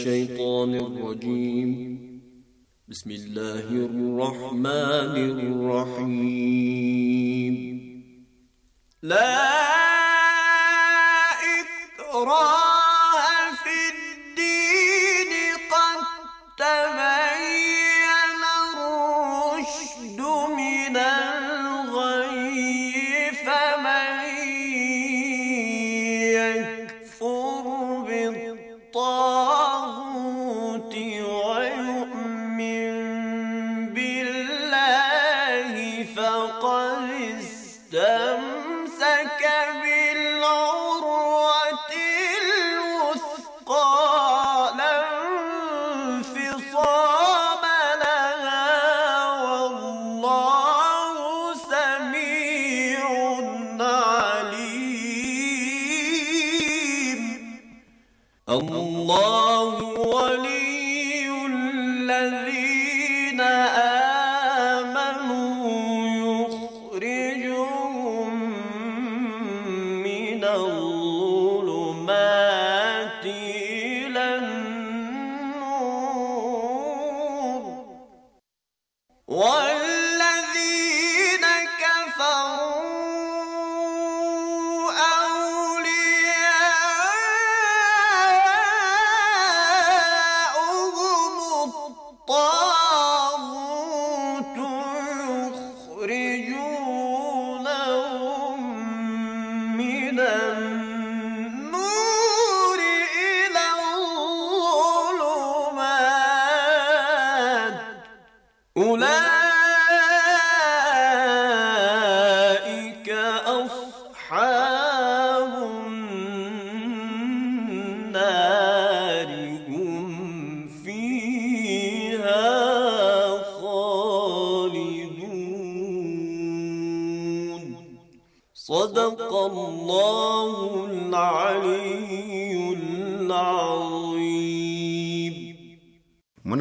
الشيطان الرجيم بسم الله الرحمن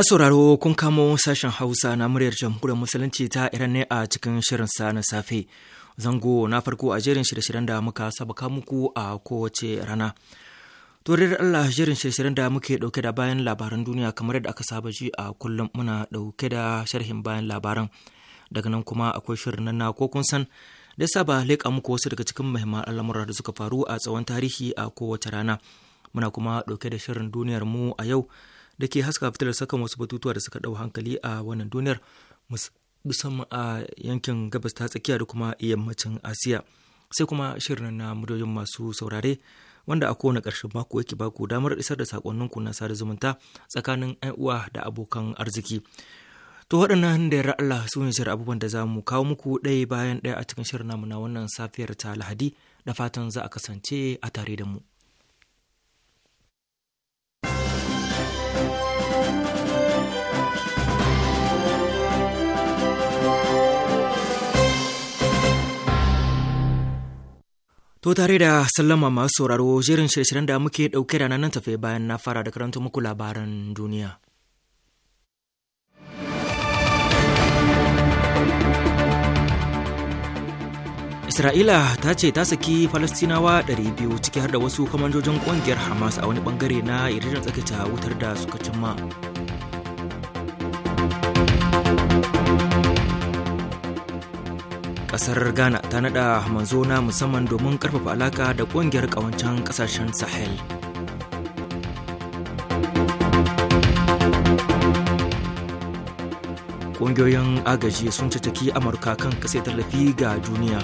Masu sauraro kun kamo sashen Hausa na muryar jamhuriyar Musulunci ta Iran ne a cikin shirin sa na safe. Zango na farko a jerin shirye-shiryen da muka sabaka muku a kowace rana. Turar Allah jerin shirye-shiryen da muke dauke da bayan labaran duniya kamar yadda aka saba ji a kullum muna dauke da sharhin bayan labaran. Daga nan kuma akwai shirin nan na ko kun san da saba leƙa muku wasu daga cikin muhimman al'amuran da suka faru a tsawon tarihi a kowace rana. Muna kuma dauke da shirin duniyar mu a yau da ke haska fitilar saka wasu batutuwa da suka ɗau hankali a wannan duniyar musamman a yankin gabas ta tsakiya da kuma yammacin asiya sai kuma shirin na muryoyin masu saurare wanda a kowane ƙarshen mako yake baku damar isar da sakonninku na sada zumunta tsakanin 'yan uwa da abokan arziki to waɗannan da yarda Allah su ne shirin abubuwan da za mu kawo muku ɗaya bayan ɗaya a cikin shirin namu na wannan safiyar ta lahadi da fatan za a kasance a tare da mu To tare da sallama masu sauraro jerin shirye-shiryen da muke ɗauke da nan tafe bayan na fara da karanta muku labaran duniya. Isra'ila ta ce ta saki Falastinawa 200 ciki har da wasu kwamandojin ƙungiyar Hamas a wani bangare na irin tsakita wutar da suka cimma. kasar ghana ta nada manzo na musamman domin karfafa alaka da kungiyar kawancen kasashen sahel kungiyoyin agaji sun cataki amurka kan kasa tallafi ga duniya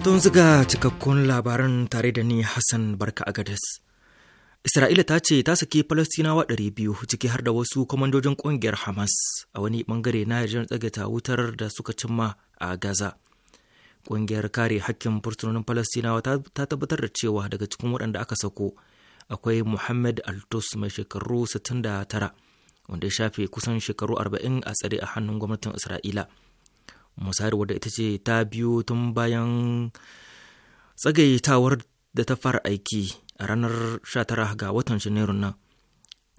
tun zuga cikakkun labaran tare da ni hassan barka agadis Isra'ila ta ce ta saki Falastinawa 200 ciki har da wasu kwamandojin ƙungiyar Hamas a wani bangare na yarjejin tsagaita wutar da suka cimma a Gaza. Ƙungiyar kare hakkin fursunonin Falastinawa ta tabbatar da cewa daga cikin waɗanda aka sako akwai Muhammad altus mai shekaru 69 wanda ya shafe kusan shekaru 40 a tsare a hannun gwamnatin Isra'ila. Musayar wadda ita ce ta biyo tun bayan tsagaitawar da ta fara aiki a ranar 19 ga watan janairun nan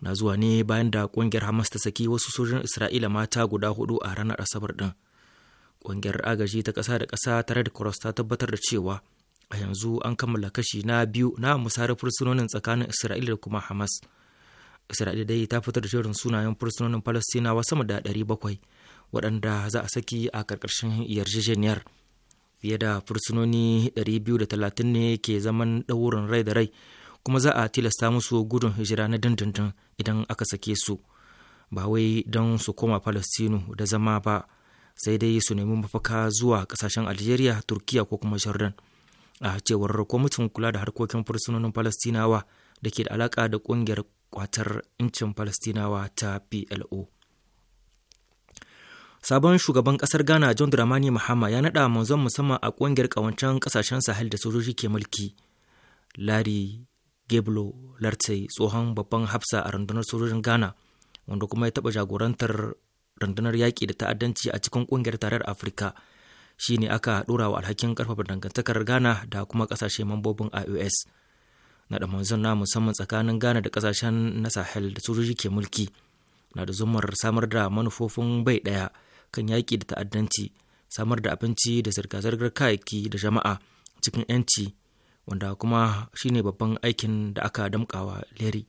na zuwa ne bayan da kungiyar hamas ta saki wasu sojin isra'ila mata guda hudu a ranar asabar din kungiyar agaji ta kasa da kasa tare da cross ta tabbatar da cewa a yanzu an kammala kashi na biyu na musare fursunonin tsakanin isra'ila da kuma hamas isra'ila dai ta fitar da jerin sunayen fursunonin falastinawa sama da 700 waɗanda za a saki a ƙarƙashin yarjejeniyar fiye da fursunoni 230 ne ke zaman ɗaurin rai da rai kuma za a tilasta musu gudun hijira na dindindin idan aka sake su ba wai don su koma palestinu da zama ba sai dai su nemi mafaka zuwa kasashen algeria turkiya ko kuma jordan a cewar kwamitin kula da harkokin fursunonin palestinawa da ke da alaka da kungiyar kwatar incin palestinawa ta plo Sabon shugaban kasar Ghana John Dramani Mahama ya naɗa manzon musamman a kungiyar ƙawancen kasashen Sahel da sojoji ke mulki. Larry Geblo larce tsohon babban hafsa a rundunar sojojin Ghana wanda kuma ya taba jagorantar rundunar yaƙi da ta'addanci a cikin kungiyar tarar Afirka shi ne aka dora wa alhakin karfafa dangantakar Ghana da kuma ƙasashe mambobin IOS. da manzon na musamman tsakanin Ghana da kasashen na Sahel da sojoji ke mulki na da zumar samar da manufofin bai ɗaya kan yaƙi da ta'addanci samar da abinci da zirga-zirgar kayayyaki da jama'a cikin 'yanci wanda kuma shine babban aikin da aka damƙawa leri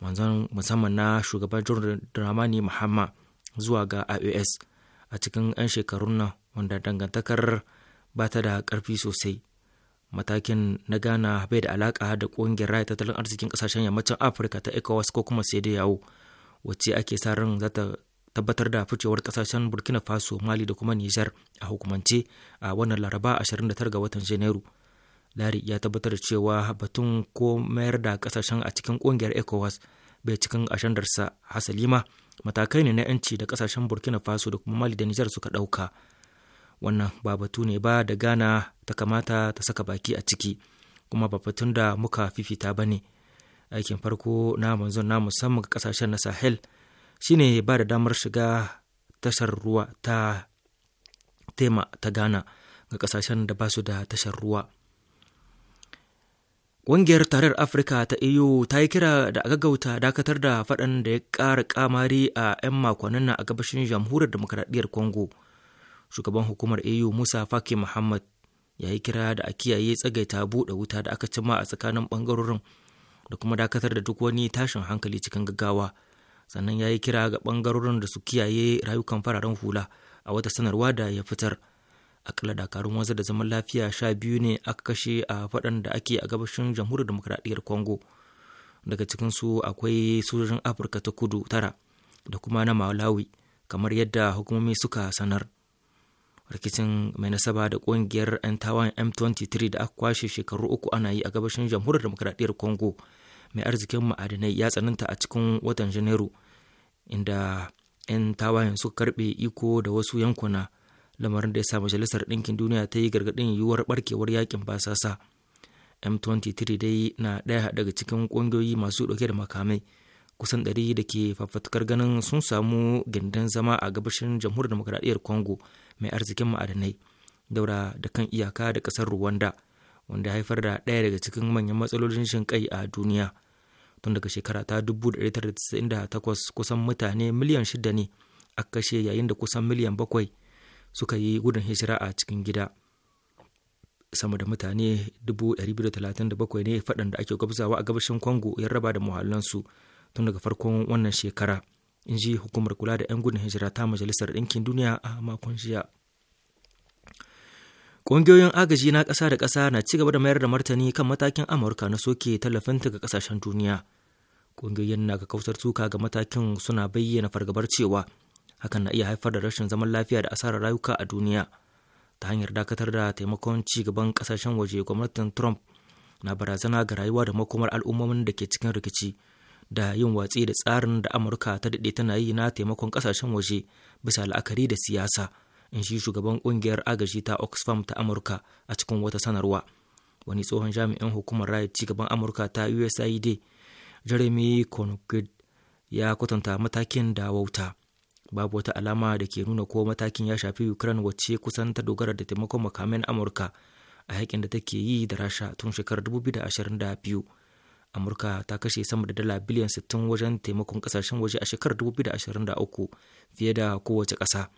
manzon musamman na shugaban jordan dramani muhamma zuwa ga ios a cikin 'yan shekarun nan wanda dangantakar ba ta da ƙarfi sosai matakin na ghana bai da alaƙa da ƙungiyar raya tattalin arzikin ƙasashen yammacin afirka ta ecowas ko kuma sai da yawo wacce ake sa ran za ta tabbatar da ficewar kasashen burkina faso mali da kuma nijar a hukumance a wannan laraba 29 ga watan janairu lari ya tabbatar da cewa batun ko mayar da kasashen a cikin kungiyar ecowas bai cikin ashandarsa hasalima matakai ne na yanci da kasashen burkina faso da kuma mali da nijar suka ɗauka wannan ba batu ne ba da ghana ta kamata ta saka baki a ciki kuma ba batun da muka fifita ba ne aikin farko na manzon na musamman ga kasashen na sahel shine ba da damar shiga tashar ruwa ta tema ta ghana ga kasashen da ba su da tashar ruwa Ƙungiyar Tarayyar Afirka ta EU ta yi kira da gaggauta dakatar da faɗan da ya ƙara ƙamari a 'yan makonnin a gabashin jamhuriyar demokradiyyar Congo. Shugaban hukumar EU Musa Faki Muhammad ya yi kira da a kiyaye tsagaita buɗe wuta da aka cima a tsakanin ɓangarorin da kuma dakatar da duk wani tashin hankali cikin gaggawa. sannan ya yi kira ga ɓangarorin da su kiyaye rayukan fararen hula a wata sanarwa da ya fitar akalla dakarun wanzar da zaman lafiya sha biyu ne aka kashe a faɗan da ake a gabashin jamhuriyar demokradiyyar congo daga cikin su akwai sojojin afirka ta kudu tara da kuma na malawi kamar yadda hukumomi suka sanar rikicin mai nasaba da kungiyar 'yan tawan m23 da aka kwashe shekaru uku ana yi a gabashin jamhuriyar demokradiyyar congo mai arzikin ma'adinai ya tsananta a cikin watan janairu inda 'yan tawayen suka karbe iko da wasu yankuna lamarin da ya sa majalisar ɗinkin duniya ta yi gargaɗin yiwuwar barkewar yakin basasa m23 dai na ɗaya daga cikin ƙungiyoyi masu ɗauke da makamai kusan ɗari da ke fafatukar ganin sun samu gindin zama a gabashin jamhuriyar demokradiyyar congo mai arzikin ma'adinai daura da kan iyaka da ƙasar ruwanda wanda haifar da ɗaya daga cikin manyan matsalolin shin kai a duniya tun daga shekara ta 1998 kusan mutane miliyan shida ne a kashe yayin da kusan miliyan bakwai suka yi gudun hijira a cikin gida sama da mutane 237 ne faɗan da ake gwabzawa a gabashin congo ya raba da muhallansu tun daga farkon wannan shekara in ji hukumar kula da 'yan gudun hijira ta majalisar ɗinkin duniya a makon jiya Ƙungiyoyin agaji na ƙasa da ƙasa na ci gaba da mayar da martani kan matakin Amurka na soke tallafinta ga ƙasashen duniya. ƙungiyoyin na ga kausar suka ga matakin suna bayyana fargabar cewa hakan na iya haifar da rashin zaman lafiya da asarar rayuka a duniya ta hanyar dakatar da taimakon ci gaban kasashen waje gwamnatin trump na barazana ga rayuwa da makomar al'ummomin da ke cikin rikici da yin watsi da tsarin da amurka ta dade tana yi na taimakon kasashen waje bisa la'akari da siyasa in shi shugaban kungiyar agaji ta oxfam ta amurka a cikin wata sanarwa wani tsohon jami'in hukumar raya ci gaban amurka ta usaid jeremy conugrad ya kwatanta matakin da wauta babu wata alama da ke nuna ko matakin ya shafi ukraine wacce kusan ta dogara da taimakon makamin amurka a haƙin da take yi da rasha tun shekarar 2022 amurka ta kashe sama da dala biliyan 60 wajen taimakon kasashen waje a shekarar 2023 fiye da kowace ƙasa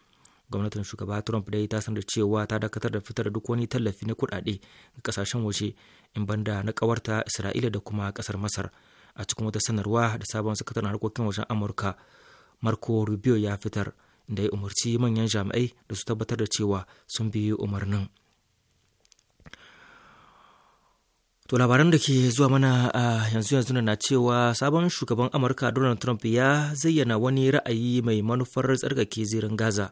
gwamnatin shugaba trump dai ta sanar cewa ta dakatar da fitar da duk wani tallafi na kuɗaɗe ga kasashen waje in banda na kawarta isra'ila da kuma ƙasar masar a cikin wata sanarwa da sabon sakataren harkokin wajen amurka marco rubio ya fitar da ya umarci manyan jami'ai da su tabbatar da cewa sun biyu umarnin To labaran da ke zuwa mana a yanzu yanzu na cewa sabon shugaban Amurka Donald Trump ya zayyana wani ra'ayi mai manufar tsarkake zirin Gaza.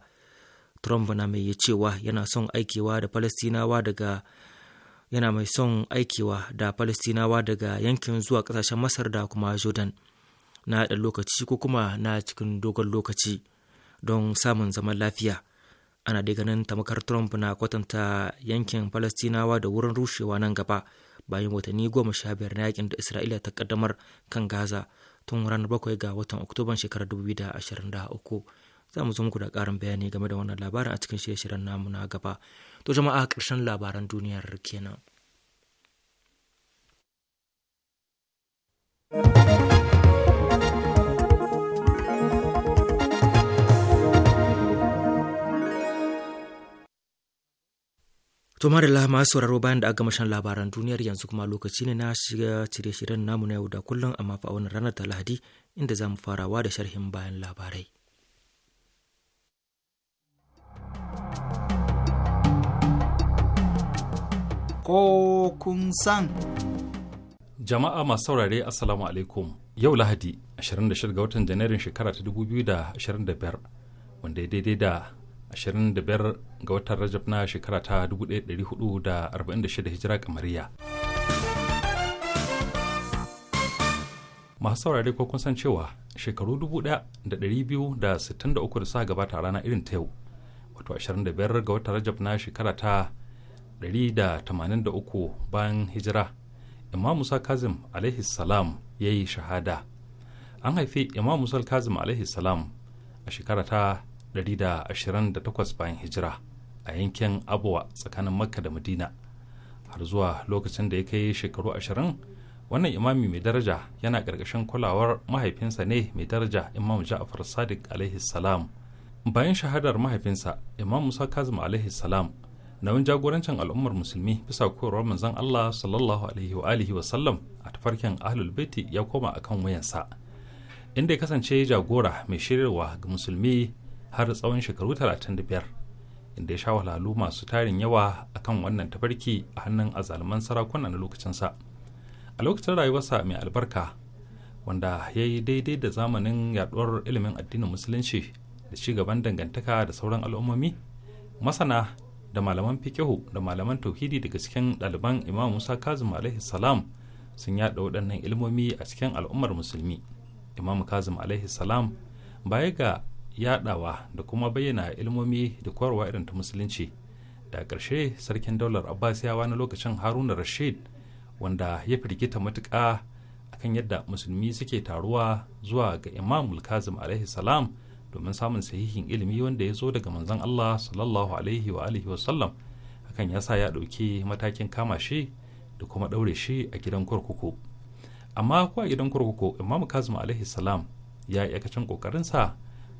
Trump na mai cewa yana son aikewa da palestinawa daga yana mai son aikewa da Falastinawa daga yankin zuwa ƙasashen Masar da kuma Jordan na ɗan lokaci ko kuma na cikin dogon lokaci don samun zaman lafiya. Ana dai ganin tamakar Trump na kwatanta yankin Falastinawa da wurin rushewa nan gaba bayan watanni goma sha biyar na yakin da Isra'ila ta kaddamar kan Gaza tun ranar bakwai ga watan Oktoban shekarar 2023. za mu zo da ƙarin bayani game da wannan labarin a cikin shirye-shiryen namu na gaba to jama'a ƙarshen labaran duniyar kenan To da masu sauraro bayan da aka gama shan labaran duniyar yanzu kuma lokaci ne na shiga cire shirin namu na yau da kullum amma fa a wannan ranar ta Lahadi inda za mu farawa da sharhin bayan labarai. ko kun san. Jama'a masu saurare Assalamu alaikum yau Lahadi 26 ga watan Janairun shekara ta 2025 wanda ya daidai da 25 ga watan Rajab na shekara ta 1446 hijira kamariya. Masu saurare ko kun san cewa shekaru 1263 da suka gabata a rana irin ta yau wato 25 ga watan Rajab na shekara ta 183 bayan hijira imam musa kazim alaihi salam ya yi shahada an haifi imam musa kazim alaihi salam a shekara ta 128 bayan hijira a yankin abuwa tsakanin makka da madina har zuwa lokacin da ya kai shekaru 20 wannan imami mai daraja yana ƙarƙashin kulawar mahaifinsa ne mai daraja imam ja'far sadiq alaihi salam bayan shahadar mahaifinsa imam musa kazim alaihi salam nauyin jagorancin al'ummar musulmi bisa koyarwar manzon Allah sallallahu alaihi wa alihi wa sallam a tafarkin ahlul baiti ya koma akan wayansa inda ya kasance jagora mai shiryarwa ga musulmi har tsawon shekaru 35 inda ya sha wahalhalu masu tarin yawa akan wannan tafarki a hannun azalman sarakuna na lokacinsa a lokacin rayuwarsa mai albarka wanda ya yi daidai da zamanin yaduwar ilimin addinin musulunci da ci gaban dangantaka da sauran al'ummomi masana da malaman fikihu da malaman tauhidi daga cikin ɗaliban imam musa kazim alaihi salam sun yaɗa waɗannan ilmomi a cikin al'ummar musulmi imam kazim alaihi salam baya ga yaɗawa da kuma bayyana ilmomi da koyarwa irin ta musulunci da ƙarshe sarkin daular abbasiyawa na lokacin haruna rashid wanda ya firgita matuƙa akan yadda musulmi suke taruwa zuwa ga imam kazim alaihi salam domin samun sahihin ilimi wanda ya zo daga manzon Allah sallallahu alaihi wa alihi wa sallam hakan ya sa ya ɗauki matakin kama shi da kuma ɗaure shi a gidan kurkuku amma ko a gidan kurkuku imam kazim alaihi salam ya yi aikacin ƙoƙarinsa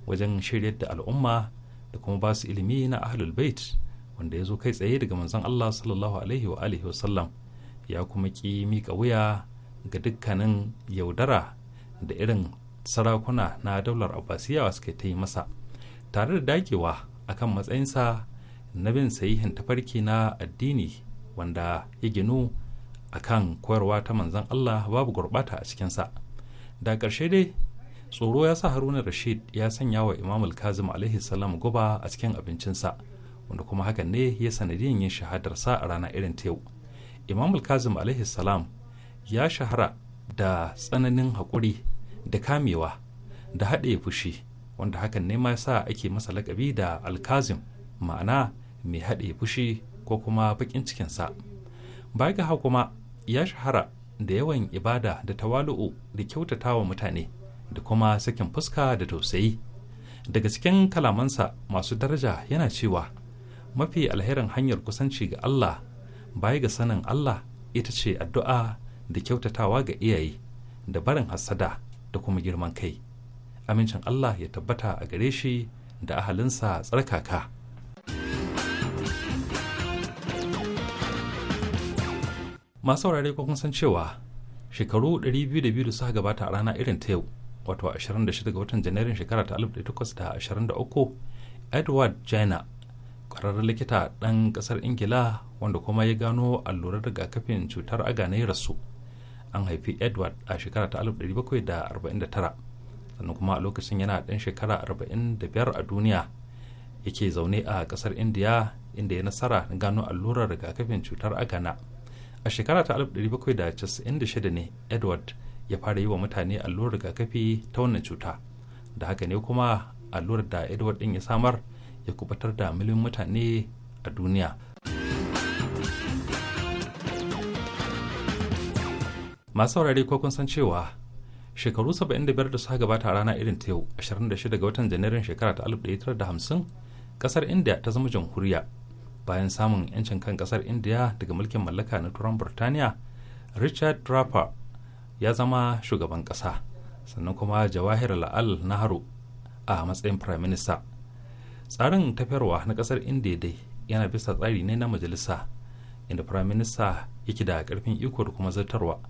wajen shiryar da al'umma da kuma ba su ilimi na ahlul bait wanda ya zo kai tsaye daga manzon Allah sallallahu alaihi wa alihi sallam ya kuma ki mika wuya ga dukkanin yaudara da irin sarakuna na daular abbasiyawa suka ta yi masa tare da dagewa akan matsayinsa na bin sahihin tafarki na addini wanda ya ginu kan koyarwa ta manzan Allah babu gurbata a cikinsa da ƙarshe dai tsoro ya sa haruna rashid ya sanya wa imamul kazim alaihi salam guba a cikin abincinsa wanda kuma hakan ne ya sanadiyan yin shahadarsa a rana irin ta yau imamul kazim alaihi salam ya shahara da tsananin haƙuri da kamewa da haɗe fushi wanda hakan ne ma sa ake masa lakabi da alkazim ma'ana mai haɗe fushi ko kuma baƙin cikinsa baya ga haka kuma ya shahara da yawan ibada da tawalu'u da kyautatawa mutane da kuma sakin fuska da tausayi daga cikin kalamansa masu daraja yana cewa mafi alherin hanyar kusanci ga Allah baya ga sanin Allah ita ce addu'a da kyautatawa ga iyaye da barin hassada da kuma girman kai amincin Allah ya tabbata a gare shi da ahalinsa tsarkaka masu saurare kun san cewa shekaru 202 da suka gabata a rana irin ta yau wato 26 ga watan janairun shekara ta 1823 edward jenner kwararren likita ɗan ƙasar ingila wanda kuma ya gano allurar rigakafin cutar aga na rasu an haifi edward a shekara ta 1749 sannan kuma a lokacin yana ɗan shekara 45 a duniya yake zaune a ƙasar indiya inda ya nasara na gano allurar rigakafin cutar agana a shekara ta 1796 ne edward ya fara yi wa mutane allurar rigakafi ta wannan cuta da haka ne kuma allurar da edward ɗin ya samar ya kubatar da miliyan mutane a duniya. masu saurare ko kun san cewa shekaru 75 da suka gabata a rana irin ta yau 26 ga watan janairun shekara ta 1950 kasar india ta zama jamhuriya bayan samun 'yancin kan kasar india daga mulkin mallaka na turan burtaniya richard draper ya zama shugaban kasa sannan kuma jawahir la'al nahru a matsayin prime minister tsarin tafiyarwa na kasar india dai yana bisa tsari ne na majalisa inda prime minister yake da karfin iko da kuma zartarwa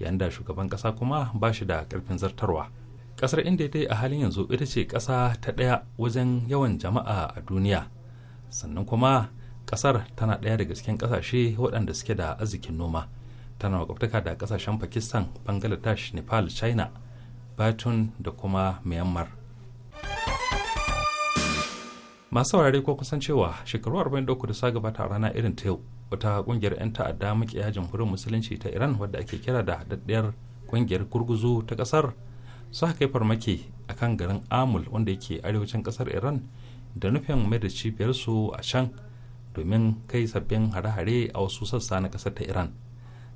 yayin da shugaban kasa kuma ba shi da karfin zartarwa kasar india dai a halin yanzu ita ce kasa ta ɗaya wajen yawan jama'a a duniya sannan kuma kasar tana ɗaya daga cikin kasashe waɗanda suke da arzikin noma tana makwabtaka da kasashen pakistan bangladesh nepal china batun da kuma myanmar masu saurare ko kusan cewa shekaru 43 da sa gabata a rana irin ta yau wata kungiyar 'yan ta'adda makiya jamhuriyar musulunci ta iran wadda ake kira da daddiyar kungiyar gurguzu ta kasar su haka yi farmaki a kan garin amul wanda yake arewacin kasar iran da nufin mai da cibiyarsu a can domin kai sabbin hare-hare a wasu sassa na kasar ta iran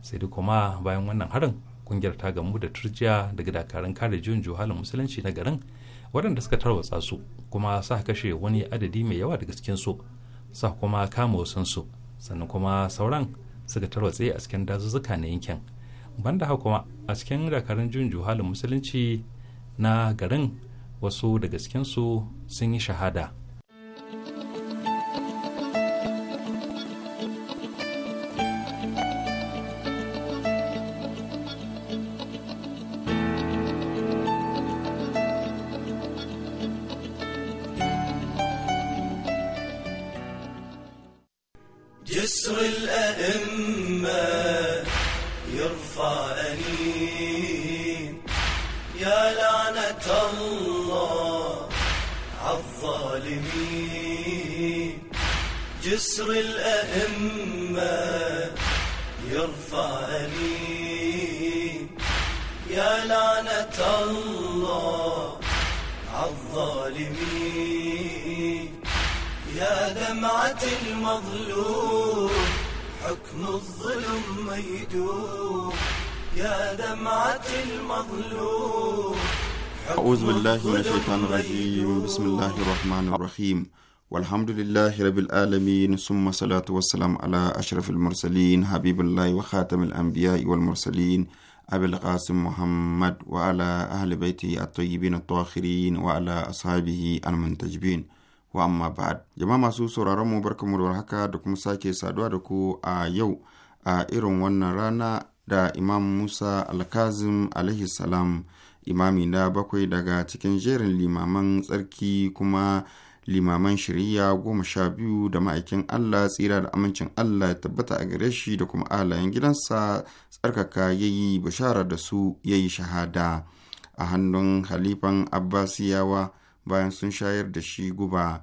sai da kuma bayan wannan harin kungiyar ta gamu da turjiya daga dakarun kare juyin juhalin musulunci na garin waɗanda suka tarwatsa su kuma sa kashe wani adadi mai yawa daga cikin su sa kuma kama wasansu sannan kuma sauran suka tarwatse a cikin dazuzzuka na yankin banda haka kuma a cikin dakarun jin juhalin musulunci na garin wasu daga su sun yi shahada billahi min shaitan rajim bismillahir rahmanir rahim walhamdulillahi rabbil alamin summa salatu wassalam ala ashrafil mursalin habibullahi wa khatamil anbiya'i wal mursalin abil qasim muhammad wa ala ahli baitihi at-tayyibin at-tahirin wa ala ashabihi al-muntajibin wa amma ba'ad jama'a masu sauraron mu barkamu da warhaka da kuma sake saduwa da ku a yau a irin wannan rana da imam musa alkazim alaihi imami na bakwai daga cikin jerin limaman tsarki kuma limaman shiriya goma sha biyu da ma'aikin Allah tsira da amincin Allah ya tabbata a gare shi da kuma alayen gidansa tsarkaka ya yi bishara da su ya yi shahada a hannun halifan Abbasiyawa bayan sun shayar da shi guba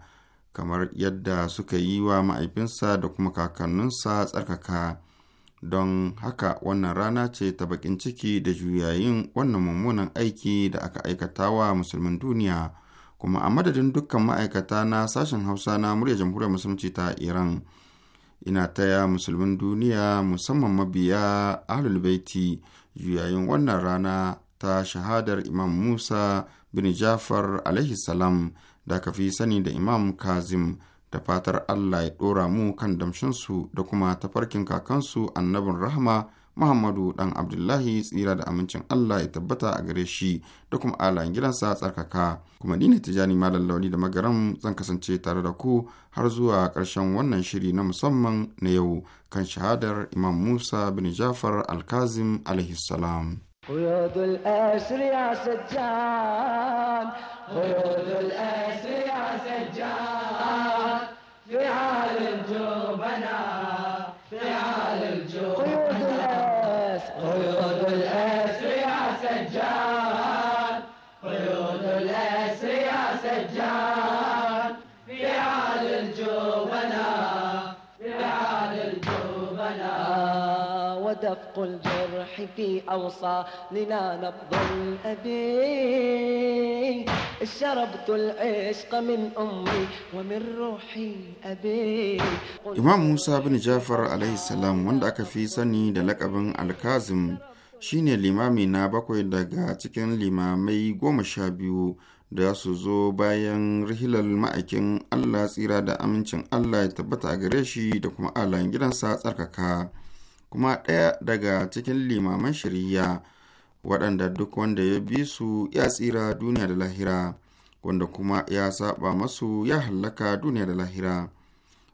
kamar yadda suka yi wa ma'aifinsa da kuma kakanninsa tsarkaka don haka wannan rana ce ta bakin ciki da juyayin wannan mummunan aiki da aka aikata wa musulmin duniya kuma a madadin dukkan ma'aikata na sashen hausa na murya jamhuriyar musulunci ta iran ina taya musulmin duniya musamman mabiya ahlul baiti juyayin wannan rana ta shahadar imam musa bin jafar alaihi salam da ka fi sani da imam kazim da fatar Allah ya ɗora mu kan damshinsu da kuma tafarkin kakansu annabin rahama Muhammadu ɗan Abdullahi tsira da amincin Allah ya tabbata a gare shi da kuma alayin gidansa tsarkaka. Kuma ni ne Tijani Malam Lauli da Magaram zan kasance tare da ku har zuwa ƙarshen wannan shiri na musamman na yau kan shahadar Imam Musa bin Jafar Alkazim alaihi salam. قيود الأسر يا سجان قيود الأسر يا سجان في حال جوبنا في حال الجوب قيود الأسر قيود الأسر يا سجان قيود الأسر يا سجان أدق الجرح في لنا نبض الأبي شربت العشق من أمي ومن روحي أبي إمام موسى بن جعفر عليه السلام wanda aka fi sani da lakabin alkazim shine limami na bakwai daga cikin limamai goma sha biyu da su zo bayan rihilar ma'aikin Allah tsira da amincin Allah ya tabbata a gare shi da kuma alayin gidansa tsarkaka. kuma ɗaya daga cikin limaman shari'a waɗanda duk wanda ya bi su ya tsira duniya da lahira wanda kuma ya saba masu ya hallaka duniya da lahira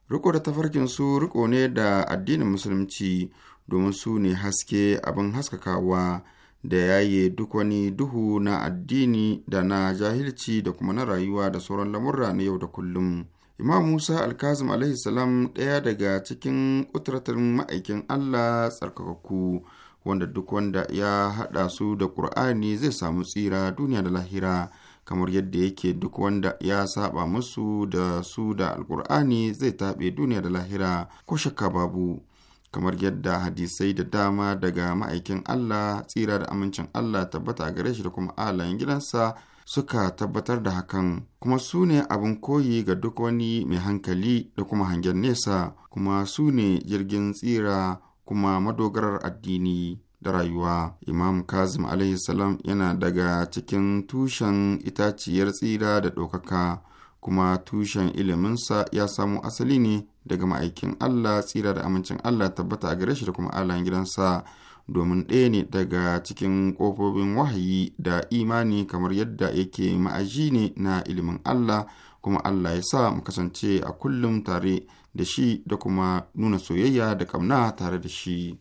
riko da tafarkin su riko ne da addinin musulunci domin su ne haske abin haskakawa da yaye duk wani duhu na addini da na jahilci da kuma na rayuwa da sauran lamurra na yau da kullum Imam Musa Alkazim alaihi salam ɗaya daga cikin utratar ma'aikin Allah tsarkakakku wanda duk wanda ya haɗa su da Ƙur'ani zai samu tsira duniya da lahira kamar yadda yake duk wanda ya saba musu da su da Alƙur'ani zai taɓe duniya da lahira ko shakka babu kamar yadda hadisai da dama daga ma'aikin Allah tsira da amincin Allah tabbata gare shi da kuma alayin gidansa suka tabbatar da hakan kuma su ne abin koyi ga duk wani mai hankali da kuma hangen nesa kuma su ne jirgin tsira kuma madogarar addini da rayuwa imam kazim salam yana daga cikin tushen itaciyar tsira da ɗaukaka kuma tushen iliminsa ya samo asali ne daga ma'aikin allah tsira da amincin allah tabbata a gare shi da kuma alayen gidansa domin ɗaya ne daga cikin ƙofofin wahayi da imani kamar yadda yake ma'aji ne na ilimin Allah kuma Allah ya sa mu kasance a kullum tare da shi da kuma nuna soyayya da kamna tare da shi.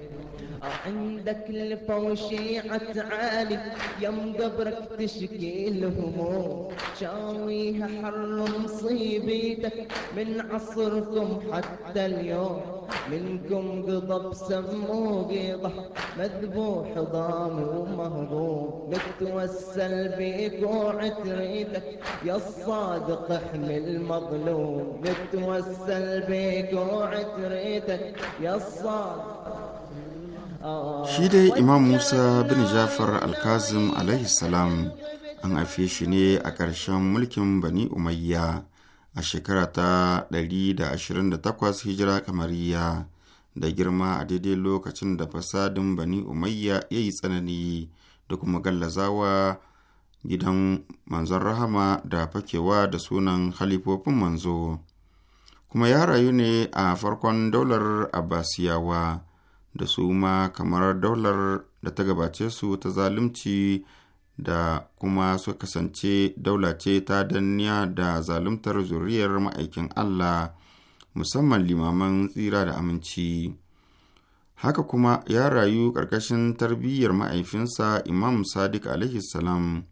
من عصركم حتى اليوم منكم قطب سمو قيضة مذبوح ضامي ومهضوم نتوسل بيك وعتريدك يا الصادق احمل المظلوم نتوسل بيك وعتريدك يا الصادق shi dai imam musa bin jafar alkazim alaihi salam an haife shi ne a ƙarshen mulkin bani umayya a shekara ta 128 hijira kamar ya, da girma a daidai lokacin da fasadin bani umayya ya yi tsanani da kuma gallazawa gidan manzon rahama da fakewa da sunan halifofin manzo kuma ya rayu ne a farkon daular abbasiyawa da su ma kamar daular da ta gabace su ta zalunci da kuma su kasance daulace ta danniya da zaluntar zuriyar ma'aikin Allah musamman limaman tsira da aminci. Haka kuma ya rayu ƙarƙashin tarbiyyar ma'aifinsa Imam Sadiq alaihi salam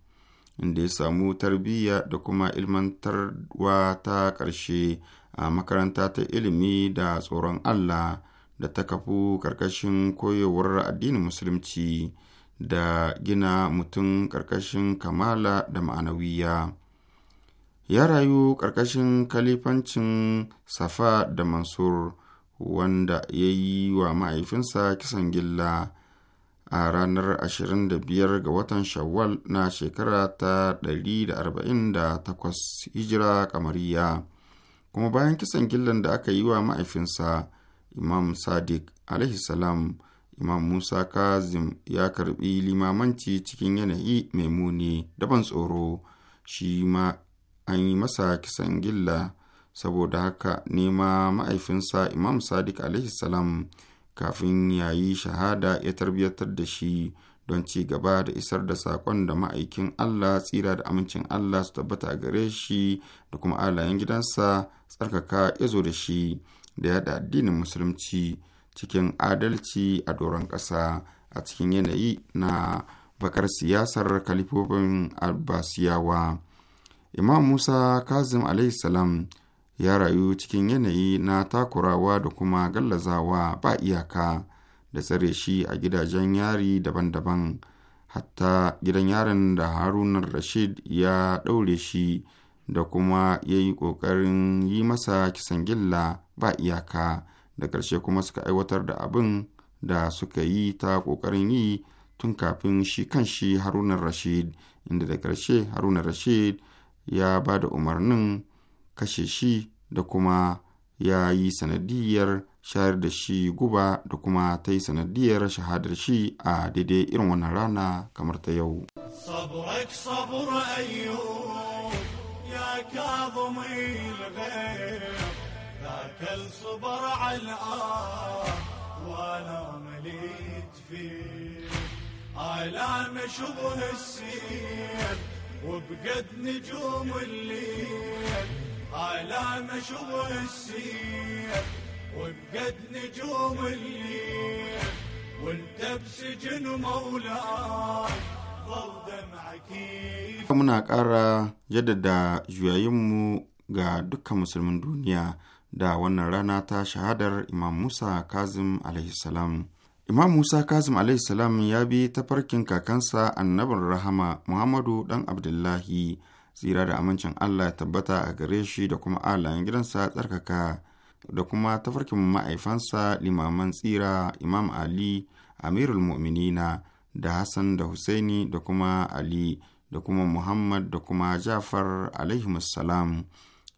inda ya samu tarbiyya da kuma ilmantarwa ta ƙarshe a makaranta ta ilimi da tsoron Allah da ta kafu ƙarƙashin koyewar addinin Musulunci. da gina mutum ƙarƙashin kamala da ma'anawiya ya rayu ƙarƙashin kalifancin safa da mansur wanda ya yi wa ma'aifinsa kisan gilla a ranar 25 ga watan shawwal na shekara ta 148 hijira kamariya kuma bayan kisan gillan da aka yi wa ma'aifinsa imam sadiq salam Imam Musa Kazim ya karbi limamanci cikin yanayi mai muni daban tsoro shi ma an yi masa kisan gilla saboda haka nema ma'aifinsa Imam Sadiq alaihi salam kafin yayi shahada ya tarbiyyatar da shi don ci gaba da isar da saƙon da ma'aikin Allah tsira da amincin Allah su tabbata gare shi da kuma alayen gidansa tsarkaka ya zo da shi da yaɗa addinin musulunci. cikin adalci a doron ƙasa a cikin yanayi na bakar siyasar kalifofin abbasiyawa imam musa kazim salam ya rayu cikin yanayi na takurawa da kuma gallazawa ba iyaka da tsare shi a gidajen yari daban-daban hatta gidan yaron da harunan rashid ya ɗaure shi da kuma ya yi ƙoƙarin yi masa kisan gilla ba iyaka da ƙarshe kuma suka aiwatar da abin da suka yi ta ƙoƙarin yi tun kafin shi kan shi harunan rashid inda da ƙarshe harunan rashid ya ba da umarnin kashe shi da kuma ya yi sanadiyar shayar da shi guba da kuma ta yi sanadiyar shahadar shi a daidai irin wannan rana kamar ta yau. sabur ayyub ya كل صبر على وانا مليت فيه آلام شبه السير وبقد نجوم الليل آلام شبه السير وبقد نجوم الليل وانت بسجن مولاي muna ƙara jaddada juyayenmu ga dukkan musulmin duniya da wannan rana ta shahadar Imam Musa Kazim salam. Imam Musa Kazim salam ya bi tafarkin kakansa annabin rahama Muhammadu ɗan Abdullahi, tsira da amincin Allah ya tabbata a gare shi da kuma alayen gidansa tsarkaka da kuma tafarkin ma'aifansa limaman tsira Imam Ali, Amirul Mu'minina da Hassan da Husaini da kuma Ali da kuma Muhammad da kuma Jafar alaihimussalam.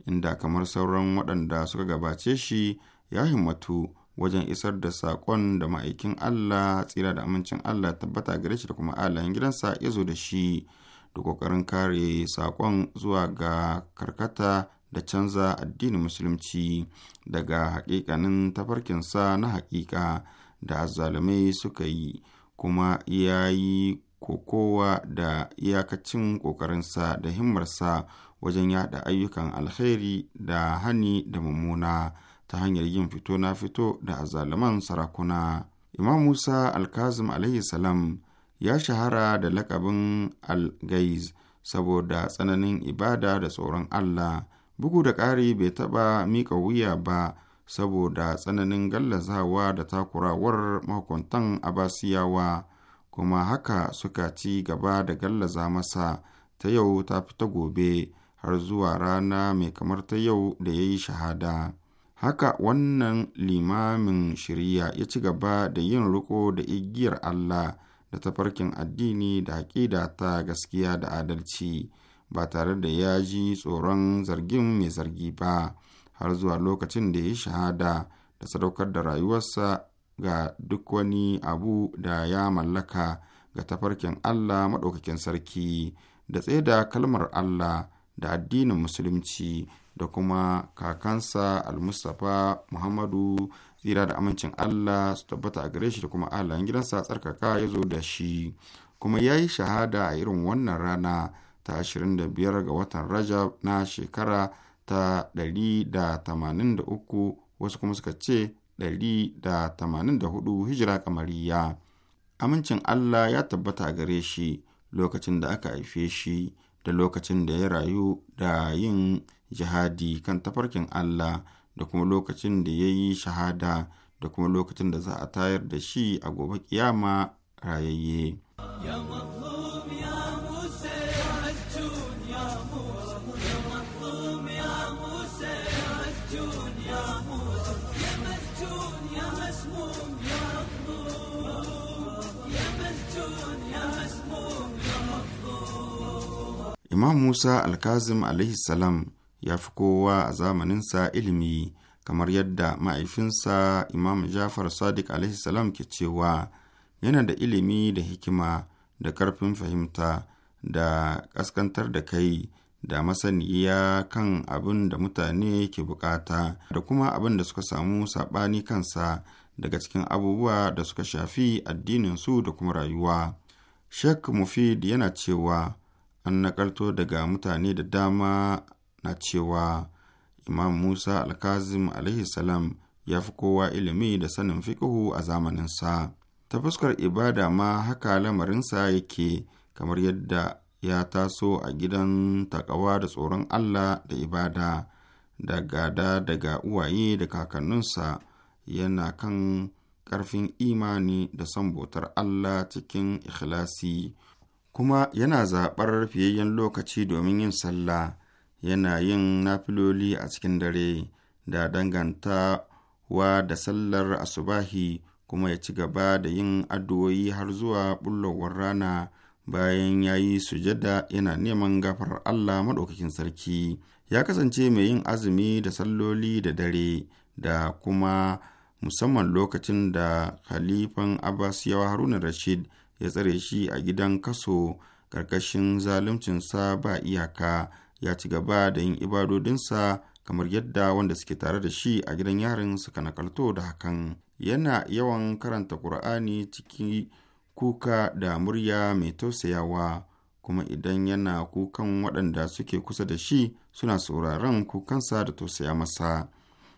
inda kamar sauran waɗanda suka gabace shi ya himmatu wajen isar da saƙon da ma'aikin Allah tsira da amincin Allah tabbata gare shi da kuma alayen gidansa ya zo da shi da ƙoƙarin kare saƙon zuwa ga karkata da canza addinin musulunci daga haƙiƙanin tafarkinsa na haƙiƙa da azzalumai suka yi kuma ya yi kokowa da iyakacin ƙoƙarinsa da himmarsa wajen yada ayyukan alkhairi da hani da mummuna ta hanyar yin fito na fito da azaliman sarakuna. Imam Musa Alkazim alaihi ya shahara da lakabin Al-Gaiz saboda tsananin ibada da tsoron Allah, bugu da ƙari bai taɓa miƙa wuya ba saboda tsananin gallazawa da takurawar mahukuntan Abasiyawa, kuma haka suka ci gaba da gallaza masa ta yau ta fita gobe. har zuwa rana mai kamar ta yau da ya yi shahada. Haka wannan limamin shirya ya ci gaba da yin riko da igiyar Allah da tafarkin addini da haƙida ta gaskiya da adalci ba tare da ya ji tsoron zargin mai zargi ba har zuwa lokacin da ya yi shahada da sadaukar da rayuwarsa ga duk wani abu da ya mallaka ga tafarkin Allah maɗaukakin sarki da tsaye da kalmar Allah da addinin musulunci da kuma kakansa almustapha muhammadu tsira da amincin allah su tabbata a gare shi da kuma alayen gidansa tsarkaka ya zo da shi kuma ya yi shahada a irin wannan rana ta 25 ga watan rajab na shekara ta 183 wasu kuma suka ce 184 hijira kamariya amincin allah ya tabbata a gare shi lokacin da aka haife shi da lokacin da ya rayu da yin jihadi kan tafarkin Allah da kuma lokacin da ya yi shahada da kuma lokacin da za a tayar da shi a gobe kiyama rayayye. Imam Musa Alkazim alaihi salam ya fi kowa a zamaninsa ilimi kamar yadda ma'aifinsa Imam Jafar Sadiq alaihi salam ke cewa yana da ilimi da hikima da ƙarfin fahimta da ƙaskantar da kai da masaniya kan abin da mutane ke bukata da kuma abin da suka samu saɓani kansa daga cikin abubuwa da suka shafi addininsu da kuma rayuwa. Sheikh Mufid yana cewa an nakalto daga mutane da dama na cewa imam musa alkazim salam ya fi kowa ilimi da sanin fiƙihu a zamaninsa ta fuskar ibada ma haka lamarinsa yake kamar yadda ya taso a gidan takawa da tsoron allah da ibada da gada daga uwaye da kakanninsa yana kan ƙarfin imani da son bautar allah cikin ikhlasi. kuma yana zaɓar fiyayyen lokaci domin yin sallah yana yin nafiloli a cikin dare da danganta wa da sallar asubahi kuma ya ci gaba da yin addu'o'i har zuwa bullowar rana bayan ya yi sujada yana neman gafar Allah maɗaukakin sarki ya kasance mai yin azumi da salloli da dare da kuma musamman lokacin da khalifan Abbas yawa Haruna Rashid ya tsare shi a gidan kaso ƙarƙashin zaluncinsa ba iyaka ya ci gaba da yin ibadodinsa kamar yadda wanda suke tare da shi a gidan yarin suka nakalto da hakan yana yawan karanta ƙur'ani ciki kuka da murya mai tausayawa kuma idan yana kukan waɗanda suke kusa da shi suna sauraron kukansa da tausaya masa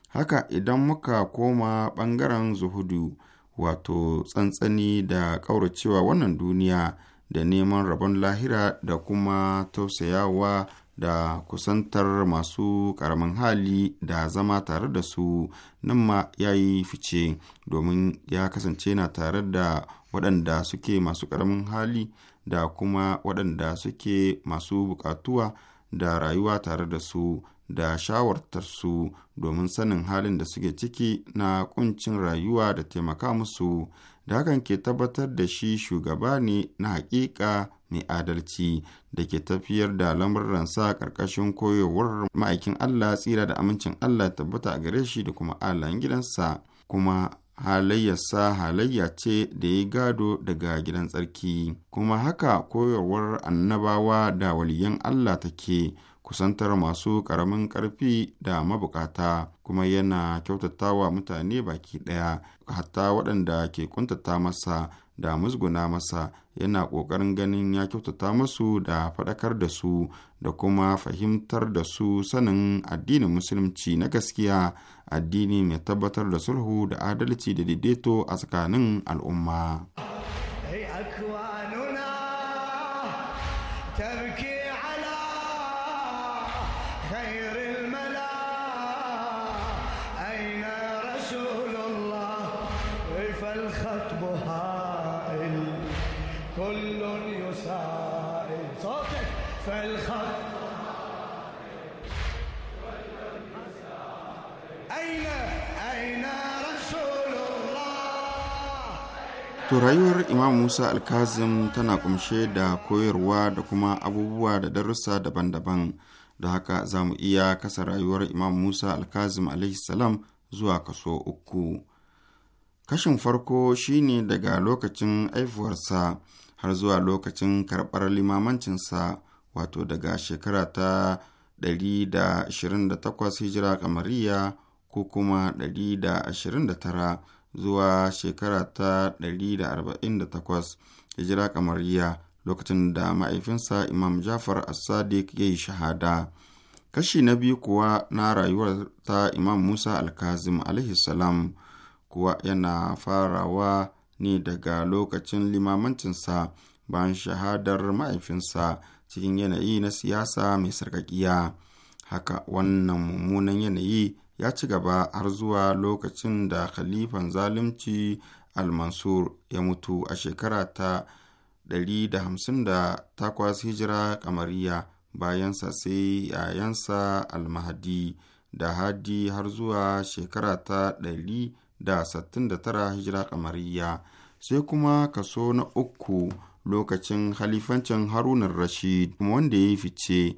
haka idan muka koma ɓangaren zuhudu wato tsantsani da ƙauracewa wannan duniya da neman rabon lahira da kuma tausayawa da kusantar masu ƙaramin hali da zama tare da su nan ma ya yi fice domin ya kasance na tare da waɗanda suke masu ƙaramin hali da kuma waɗanda suke masu buƙatuwa da rayuwa tare da su da shawartarsu domin sanin halin da suke ciki na kuncin rayuwa da taimaka musu da hakan ke tabbatar da shi shugaba ne na hakika mai adalci da ke tafiyar da lamuransa ƙarƙashin koyowar ma'aikin Allah tsira da amincin Allah tabbata a gare shi da kuma alayen gidansa kuma halayyarsa halayya ce da ya gado daga gidan tsarki kuma haka koyarwar annabawa da waliyan Allah take kusantar masu ƙaramin ƙarfi da mabukata kuma yana kyautata wa mutane baki ɗaya hatta waɗanda ke kuntata masa da musguna masa yana ƙoƙarin ganin ya kyautata masu da faɗakar da su da kuma fahimtar da su sanin addinin musulunci na gaskiya addini mai tabbatar da sulhu da adalci da daidaito a tsakanin al'umma. To rayuwar Imam Musa Alkazim tana kumshe da koyarwa da kuma abubuwa da darussa daban-daban, da haka za mu iya kasa rayuwar Imam Musa Alkazim salam zuwa kaso uku. Kashin farko shine daga lokacin aifuwarsa har zuwa lokacin karɓar limamancinsa, wato daga shekara ta 128 hijira kamariya ko kuma 129 zuwa shekara ta 148 hijira kamariya lokacin da ma'aifinsa imam jafar as-sadiq ya yi shahada kashi na biyu kuwa na rayuwar ta imam musa alkazim kazim salam kuwa yana farawa ne daga lokacin limamancinsa bayan shahadar ma'aifinsa cikin yanayi na siyasa mai sarkakiya haka wannan mummunan yanayi ya ci gaba har zuwa lokacin da khalifan zalunci al-mansur ya mutu a shekara ta 158 hijira kamariya bayansa sai yayansa al-mahadi da hadi har zuwa shekara ta 169 hijira kamariya sai kuma kaso na uku lokacin khalifancin harunan rashid wanda ya yi fice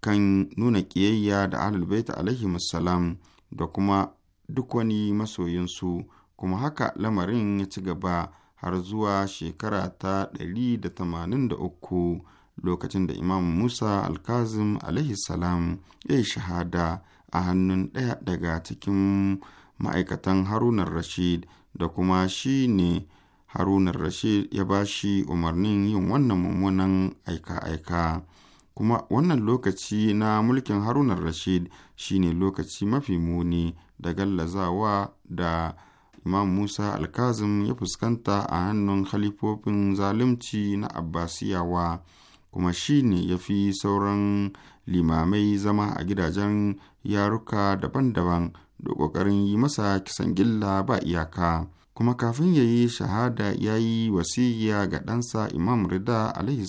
kan nuna ƙiyayya da ahlul alaihi musallam. da kuma duk wani masoyinsu kuma haka lamarin ya ci gaba har zuwa shekara ta 183 lokacin da imam musa alkazim salam ya yi shahada a hannun ɗaya daga cikin ma'aikatan harunar rashid da kuma shi ne harunar rashid ya ba shi umarnin yin wannan mummunan aika-aika kuma wannan lokaci na mulkin harunar rashid shine lokaci mafi muni da gallazawa da imam musa alkazim ya fuskanta a hannun halifofin zalunci na abbasiyawa kuma shine ya fi sauran limamai zama a gidajen yaruka daban-daban da ƙoƙarin yi masa kisan gilla ba iyaka kuma kafin ya yi shahada ya yi wasiya ga ɗansa imam rida alaihi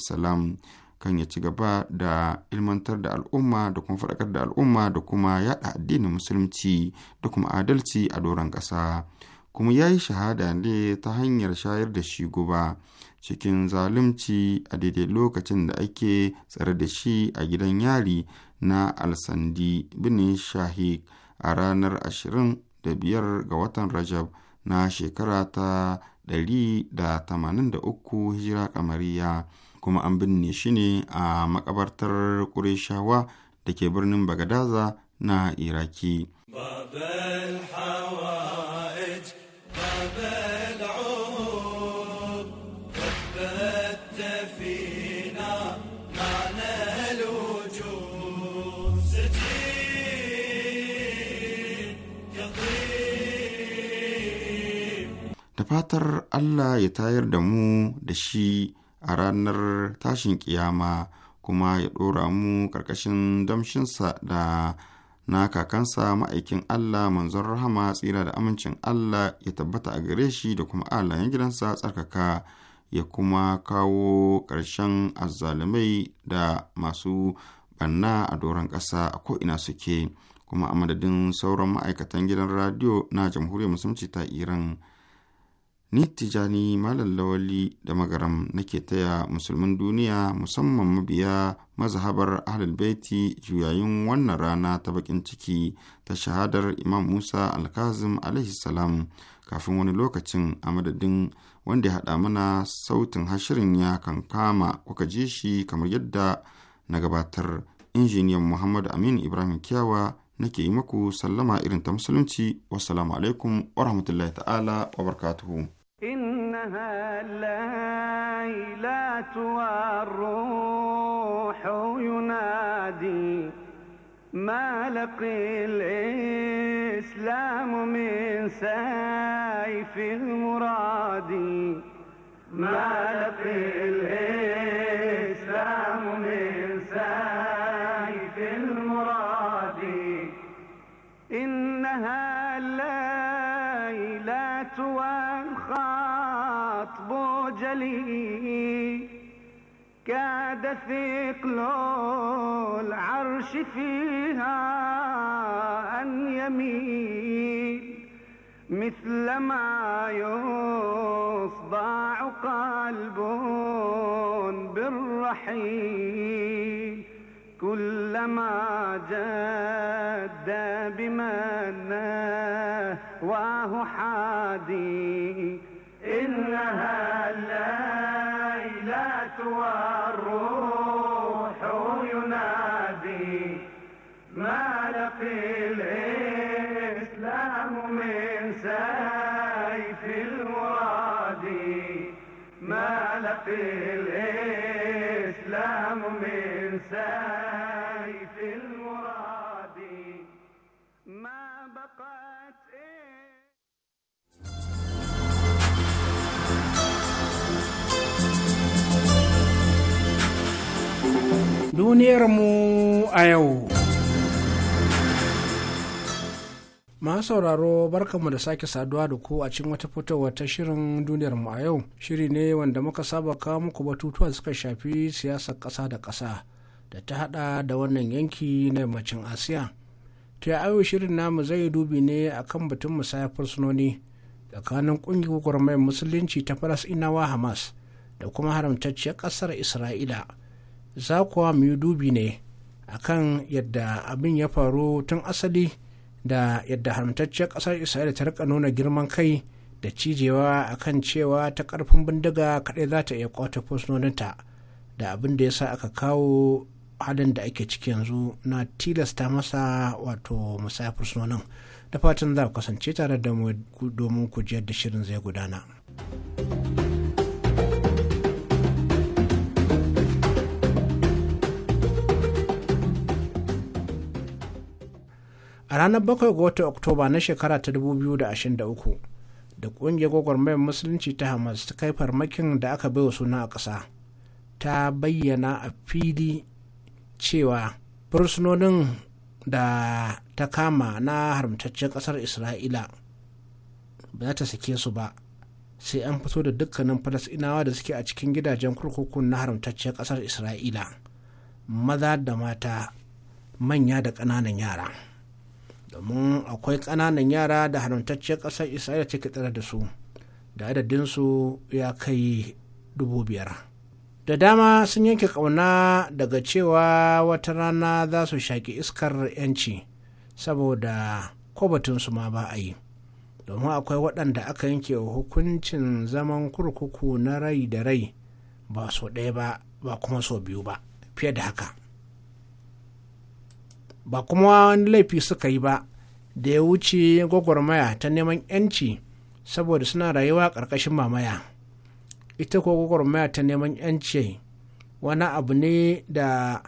kan ya ci gaba da ilmantar da al'umma da kuma faɗakar da al'umma da kuma yaɗa addinin musulunci da kuma adalci a doron ƙasa kuma ya yi shahada ne ta hanyar shayar da shi guba cikin zalunci a daidai lokacin da ake tsare da shi a gidan yari na alsandi binin shahik a ranar 25 ga watan rajab na shekara ta 183 hijira kamariya kuma an binne shi ne a makabartar Qurayshawa da ke birnin Bagadaza na Iraki. da fatar Allah ya tayar da mu da shi a ranar tashin kiyama kuma ya ɗora mu ƙarƙashin damshinsa da na kakansa ma'aikin Allah manzon rahama tsira da amincin Allah ya tabbata a gare shi da kuma ya gidansa tsarkaka ya kuma kawo ƙarshen azzalumai da masu banna a doron ƙasa a ko'ina suke kuma a madadin sauran ma'aikatan gidan radiyo na jamhuriyar musulunci ta iran Ni Tijani Malam Lawali da Magaram nake taya musulmin duniya musamman mabiya mazhabar Ahlul Baiti juyayin wannan rana ta bakin ciki ta shahadar Imam Musa Alkazim alaihi salam kafin wani lokacin a madadin wanda ya haɗa mana sautin hashirin ya kan kama kuka ji shi kamar yadda na gabatar injiniyan Muhammadu Aminu Ibrahim Kyawa nake yi maku sallama irin ta musulunci wassalamu alaikum wa rahmatullahi ta'ala wa barkatuhu لها الليلة والروح ينادي ما لقي الإسلام من سيف المرادي ما لقي الإسلام علي كاد ثقل العرش فيها أن يميل مثل ما يصدع قلب بالرحيل كلما جد بمنه وهو حادي لونها الليلة والروح ينادي ما لقي الإسلام من سيف المرادي ما لقي الإسلام من سيف Duniyarmu a yau. Masu sauraro barkanmu da sake saduwa da ku a cikin wata fitowa ta shirin mu a yau. Shiri ne wanda muka saba kawo muku batutuwa suka shafi siyasar ƙasa da ƙasa da ta hada da wannan yanki na yammacin Asiya. Ta yau shirin namu zai dubi ne a kan batun musayar fursunoni tsakanin ƙungiyar musulunci ta Falasɗinawa Hamas da kuma haramtacciyar ƙasar Isra'ila. za kuwa mu dubi ne a kan yadda abin ya faru tun asali da yadda haramtacciyar ƙasar isra'ila ta rika nuna girman kai da cijewa a kan cewa ta karfin bindiga kaɗai za ta iya kwato fursunoninta da abin da ya sa aka kawo halin da ake ciki yanzu na tilasta masa wato musa fursunonin da fatan za ku kasance tare da mu domin ku da shirin zai gudana. thank you a ranar 7 ga watan oktoba na shekara ta 2023 da ƙungiyar gwagwarmayar musulunci ta hamas ta kai farmakin da aka baiwa suna a ƙasa ta bayyana a fili cewa fursunonin da ta kama na haramtaccen ƙasar isra'ila ba za ta sake su ba sai an fito da dukkanin falasinawa da suke a cikin gidajen kurkukun na haramtaccen ƙasar isra'ila maza da mata manya da ƙananan yara. domin akwai ƙananan yara da haramtacciyar ƙasar isra'ila ciki tsare da su da adadinsu ya kai dubu biyar da dama sun yanke ƙauna daga cewa wata rana za su shaƙi iskar 'yanci saboda kwabatunsu ma ba a yi domin akwai waɗanda aka yanke hukuncin zaman kurkuku na rai da rai ba so ɗaya ba ba kuma so biyu ba fiye da haka ba kuma wani laifi suka yi ba da ya wuce gwagwarmaya ta neman 'yanci saboda suna rayuwa ƙarƙashin mamaya ita ko gwagwarmaya ta neman 'yanci wani abu ne da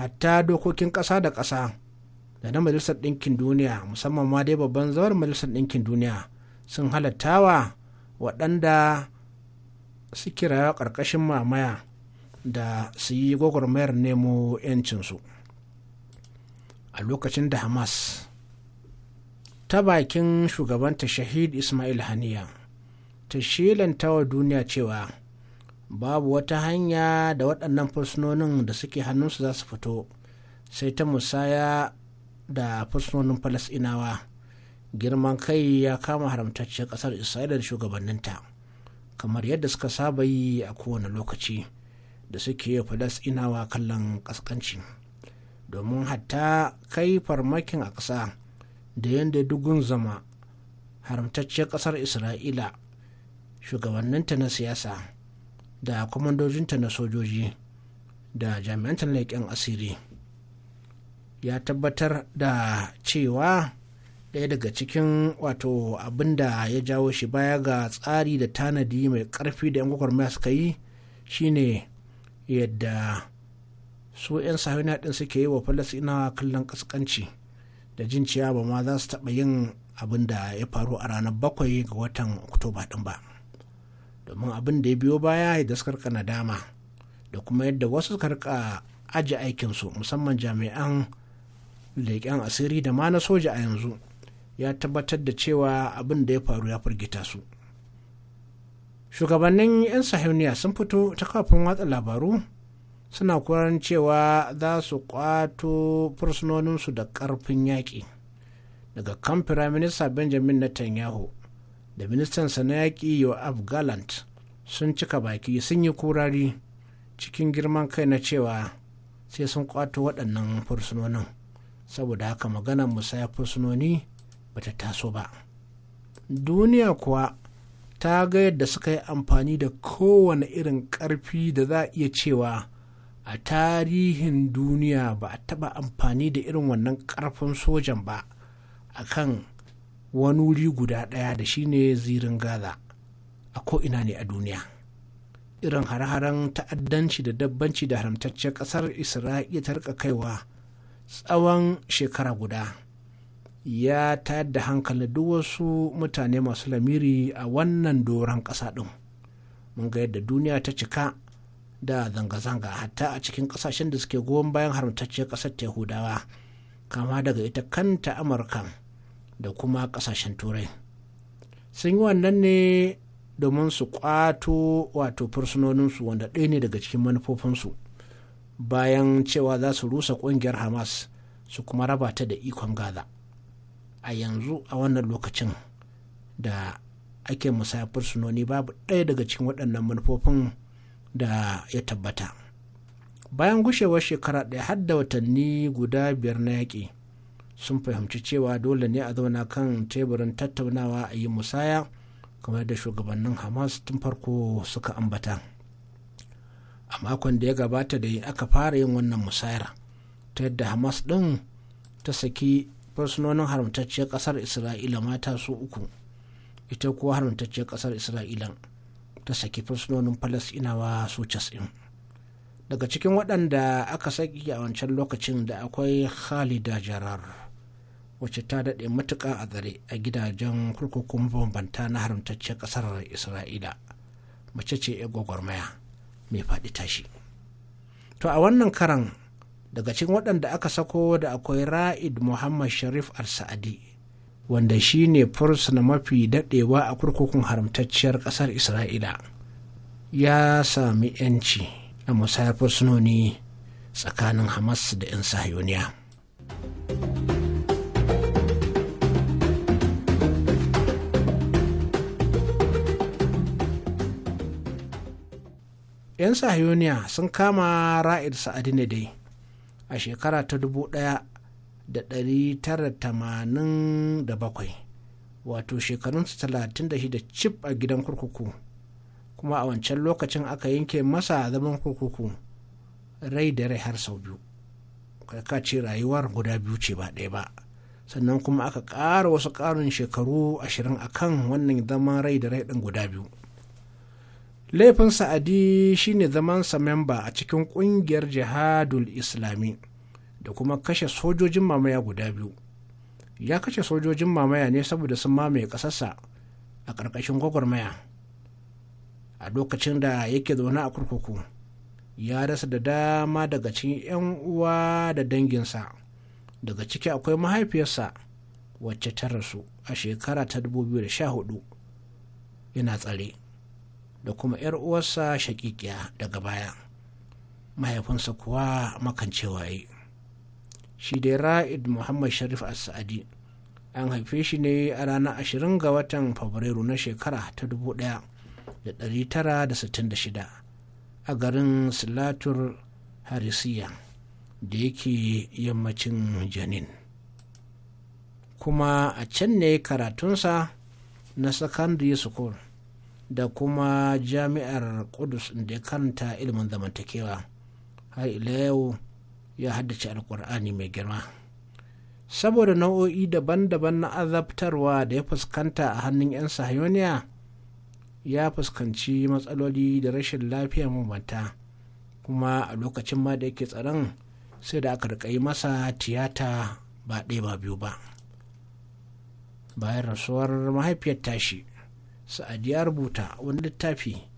hatta dokokin ƙasa da ƙasa da na majalisar ɗinkin duniya musamman ma dai babban zawar majalisar ɗinkin duniya sun halattawa waɗanda suke rayuwa ƙarƙashin mamaya da su yi gwagwarmayar nemo 'yancinsu. a lokacin da hamas ta bakin shugabanta shahid ismail haniya ta shilanta wa duniya cewa babu wata hanya da waɗannan fursunonin da suke hannunsu za su fito sai ta musaya da fursunonin falasinawa girman kai ya kama haramtacciyar ƙasar isra'ila da shugabanninta kamar yadda suka saba yi a kowane lokaci da suke falasinawa kallon ƙasƙanci. domin hatta kai farmakin a ƙasa da yadda dugun zama haramtacciyar ƙasar isra'ila shugabanninta na siyasa da kwamandojinta na sojoji da jami'anta leƙen asiri ya tabbatar da cewa ɗaya daga cikin wato abin da ya jawo shi baya ga tsari da tanadi mai ƙarfi da 'yan gwagwarmaya suka yi shine yadda su 'yan sahiyoniya ɗin suke yi wa falasɗinawa kallon ƙasƙanci da jin ciya ba ma za su taɓa yin abin da ya faru a ranar bakwai ga watan oktoba ɗin ba domin abin da ya biyo baya ya da suka dama da kuma yadda wasu suka rika aji aikinsu musamman jami'an leƙen asiri da ma na soja a yanzu ya tabbatar da cewa abin da ya faru ya firgita su shugabannin 'yan sahiyoniya sun fito ta kafin watsa labaru suna kuran cewa za su kwato fursunoninsu da ƙarfin yaƙi daga kan firaminista benjamin netanyahu da ministansa na yaƙi yoav gallant sun cika baki sun yi kurari cikin girman kai na cewa sai sun kwato waɗannan fursunonin saboda haka maganar musaya fursunoni ba ta taso ba duniya kuwa ta ga yadda suka yi amfani da kowane irin ƙarfi da za a iya cewa a tarihin duniya ba a taɓa amfani da irin wannan ƙarfin sojan ba a kan wani wuri guda ɗaya da shi ne zirin gaza a ko'ina ne a duniya irin hare-haren ta'addanci da dabbanci da haramtaccen ƙasar isra'ila ta rika kaiwa tsawon shekara guda ya tayar da hankali duk wasu mutane masu lamiri a wannan doron ƙasa ɗin mun ga yadda duniya ta cika da zanga-zanga hatta a cikin kasashen da suke goyon bayan haramtacciyar kasar yahudawa kama daga ita kanta amurka da kuma ƙasashen turai sun yi wannan ne domin su kwato wato fursunoninsu wanda ɗaya ne daga cikin manufofinsu bayan cewa za su rusa ƙungiyar hamas su kuma raba ta da ikon gaza a yanzu a wannan lokacin da ake musayar fursunoni babu ɗaya daga cikin waɗannan manufofin da ya tabbata bayan gushewar shekara ɗaya har da watanni guda biyar na yaƙi sun fahimci cewa dole ne a zauna kan teburin tattaunawa a yi musaya kuma da shugabannin hamas tun farko suka ambata a makon da ya gabata da aka fara yin wannan musayar ta yadda hamas ɗin ta saki fursunonin haramtacciyar ƙasar isra'ila mata su uku ita kuwa haramtacciyar ƙasar isra'ila ta saki fursunonin falasinawa su in daga cikin waɗanda aka saki a wancan lokacin da akwai khalida jarar wacce ta daɗe matuƙa a zare a gidajen kurkukun bambanta na haramtaccen ƙasar isra'ila mace ce ya gwagwarmaya mai faɗi tashi to a wannan karan daga cikin waɗanda aka sako da akwai ra'id muhammad sharif al-sa'adi wanda shi ne fursuna mafi daɗewa a kurkukun haramtacciyar ƙasar isra'ila ya sami 'yanci a musayar fursunoni tsakanin hamas da 'yan sahiyoniya yan sahiyoniya sun kama ra'id sa'adi ne dai a shekara ta ɗaya. da da bakwai wato shekarun shekarunsa 36 cip a gidan kurkuku kuma a wancan lokacin aka yanke masa zaman kurkuku rai da rai har sau biyu ka ce rayuwar guda biyu ce ba ɗaya ba sannan kuma aka ƙara wasu ƙarin shekaru ashirin a kan wannan zaman rai da rai ɗin guda biyu laifin sa'adi shine sa memba a cikin ƙungiyar jihadul islami da kuma kashe sojojin mamaya guda biyu ya kashe sojojin mamaya ne saboda sun mamaye ƙasarsa a ƙarƙashin gwagwarmaya a lokacin da yake zaune a kurkuku ya rasa da dama daga cikin 'yan uwa da danginsa daga ciki akwai mahaifiyarsa wacce ta rasu a shekara ta 2014 yana tsare da kuma 'yar uwarsa shaƙiƙiya daga baya mahaifinsa kuwa makancewa yi shi dai ra'id muhammad sharif saadi an haife shi ne a ranar 20 ga watan fabrairu na shekara ta shida a garin silatur harisiya da yake yammacin janin kuma a can ne karatunsa na secondary school da kuma jami'ar kudus da ya karanta ilimin zamantakewa har ila yau ya haddace alkur'ani mai girma saboda nau'o'i daban-daban na azabtarwa da ya fuskanta a hannun 'yan sahayoniya ya fuskanci matsaloli da rashin lafiya mabanta kuma a lokacin ma da yake tsaron sai da aka rika masa tiyata ba ɗaya ba biyu ba bayan rasuwar mahaifiyar tashi sa'ad ya rubuta wani littafi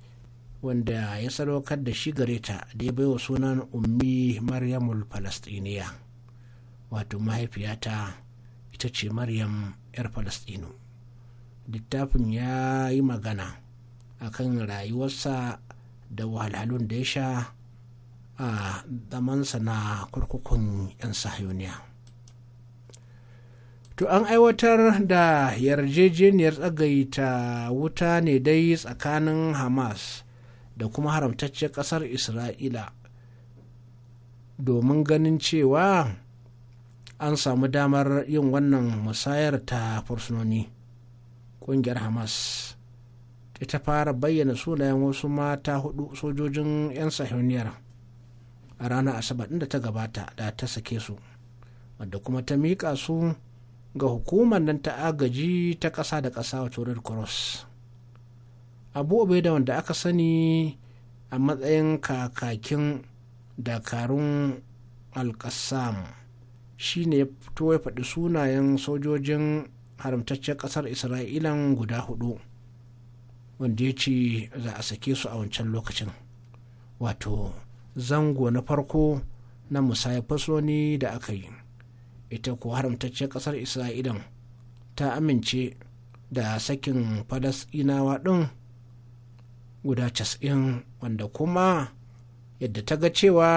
wanda ya sadaukar da shi gare ta da ya bai wa sunan ummi maryamul falastiniya wato mahaifiyata ita ce maryam 'yar falastinu littafin ya yi magana a kan rayuwarsa da wahalhalun da ya sha a zamansa na kurkukun 'yan sahayoniya to an aiwatar da yarjejeniyar tsagaita wuta ne dai tsakanin hamas da kuma haramtacciyar ƙasar isra'ila domin ganin cewa an samu damar yin wannan musayar ta fursunoni ƙungiyar hamas ita fara bayyana sunayen wasu mata hudu sojojin 'yan sahiyoniyar a ranar asabar da ta gabata da ta sake su wadda kuma ta miƙa su ga hukumar nan ta agaji ta ƙasa da ƙasa wato red cross abu da wanda aka sani a matsayin kakakin dakarun alkassam shi ne ya fito ya faɗi sunayen sojojin haramtaccen ƙasar isra'ilan guda hudu wanda ya ce za a sake su a wancan lokacin wato zango na farko na fasoni da aka yi ita ko haramtaccen ƙasar isra'ilan ta amince da sakin falasɗinawa ɗin guda casa'in wanda kuma yadda ta ga cewa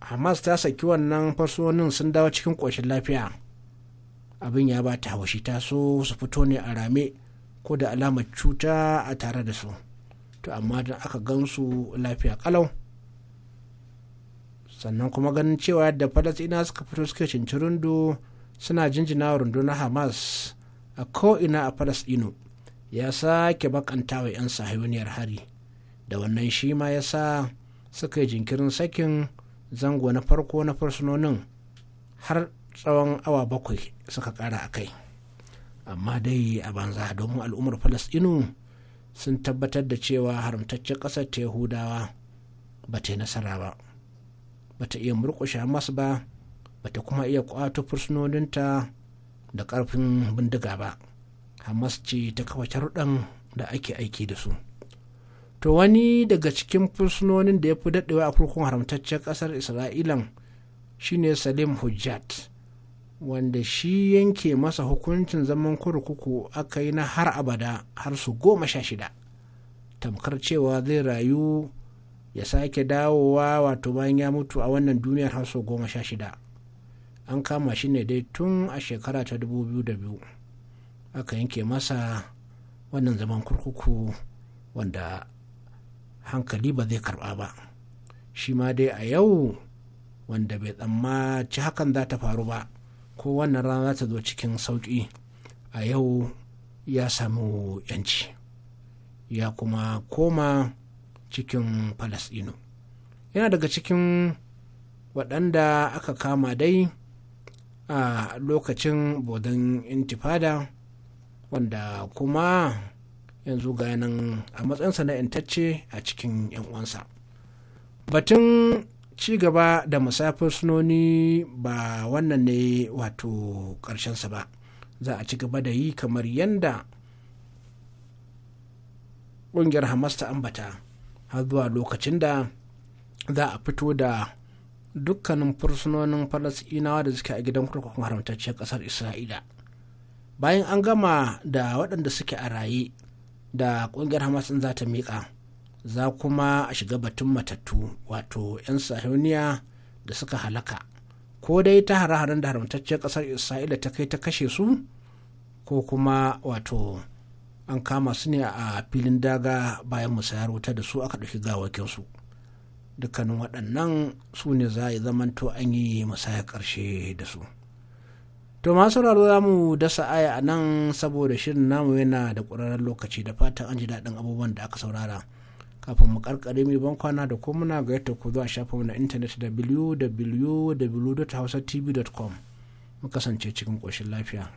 hamas ta saki wannan fasonin sun dawo cikin ƙoshin lafiya abin ya ba ta haushi ta so su fito ne a rame ko da alamar cuta a tare da su to amma don aka gansu lafiya kalau sannan kuma ganin cewa yadda falasina suka fito suke cinci rundu suna jinjina rundunar hamas a ko'ina a falasino ya sake bakanta wa 'yan sahayuniyar hari da wannan shi ma ya sa suka yi jinkirin sakin zango na farko na fursunonin har tsawon awa bakwai suka kara a kai amma dai a banza domin al'ummar falasɗinu sun tabbatar da cewa haramtaccen ƙasar ta yahudawa ba ta yi nasara ba ba ta iya murƙushe masu ba ba ta kuma iya ƙwato fursunoninta da ƙarfin bindiga ba hamas ce ta kafa sharuɗan da ake aiki da su to wani daga cikin fursunonin da ya fi daɗewa a kurkun haramtaccen ƙasar isra'ilan shine salim hujjat wanda shi yanke masa hukuncin zaman kurkuku aka yi na har abada har su goma sha shida tamkar cewa zai rayu ya sake dawowa wato bayan ya mutu a wannan duniyar har su goma sha shida an kama shi ne dai tun a shekara ta 2002 aka yanke masa wannan zaman kurkuku wanda hankali ba zai karba ba shi ma dai a yau wanda bai tsammaci hakan za ta faru ba ko wannan rana za ta zo cikin sauƙi a yau ya samu yanci ya kuma koma cikin falasɗinu yana daga cikin waɗanda aka kama dai a lokacin bodan intifada wanda kuma yanzu ga a matsayinsa na a cikin 'yan uwansa batun ci gaba da musafir sunoni ba wannan ne wato ƙarshensa ba za a ci gaba da yi kamar yadda ƙungiyar hamas ta ambata har zuwa lokacin da za a fito da dukkanin fursunonin falasɗinawa da suke a gidan kurkukun haramtacciyar ƙasar isra'ila bayan an gama da waɗanda suke a raye da ƙungiyar hamas za ta miƙa za kuma a shiga batun matattu wato 'yan sahuniya da suka halaka ko dai ta hare-haren da haramtacciyar ƙasar isra'ila ta kai ta kashe su ko kuma wato an kama su ne a filin daga bayan musayar wuta da su aka ɗauki gawakinsu dukkanin waɗannan su ne za a yi zamanto an yi musayar ƙarshe da su. to masu sauraro za mu dasa aya a nan saboda shirin namu yana da ƙwararren lokaci da fatan an ji daɗin abubuwan da aka saurara kafin mu ƙarƙare mu ban kwana da ko muna ga yadda ku zuwa shafinmu na intanet www.hausatv.com mu kasance cikin ƙoshin lafiya.